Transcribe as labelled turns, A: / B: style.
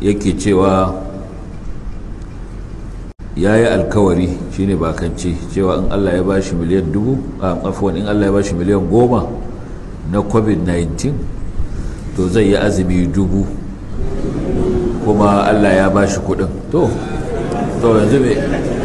A: yake cewa ya yi alkawari shine bakanci cewa in allah ya bashi miliyan dubu a afuwan in allah ya bashi miliyan goma na covid-19 to zai yi azumi dubu kuma allah ya bashi kudin to yanzu mai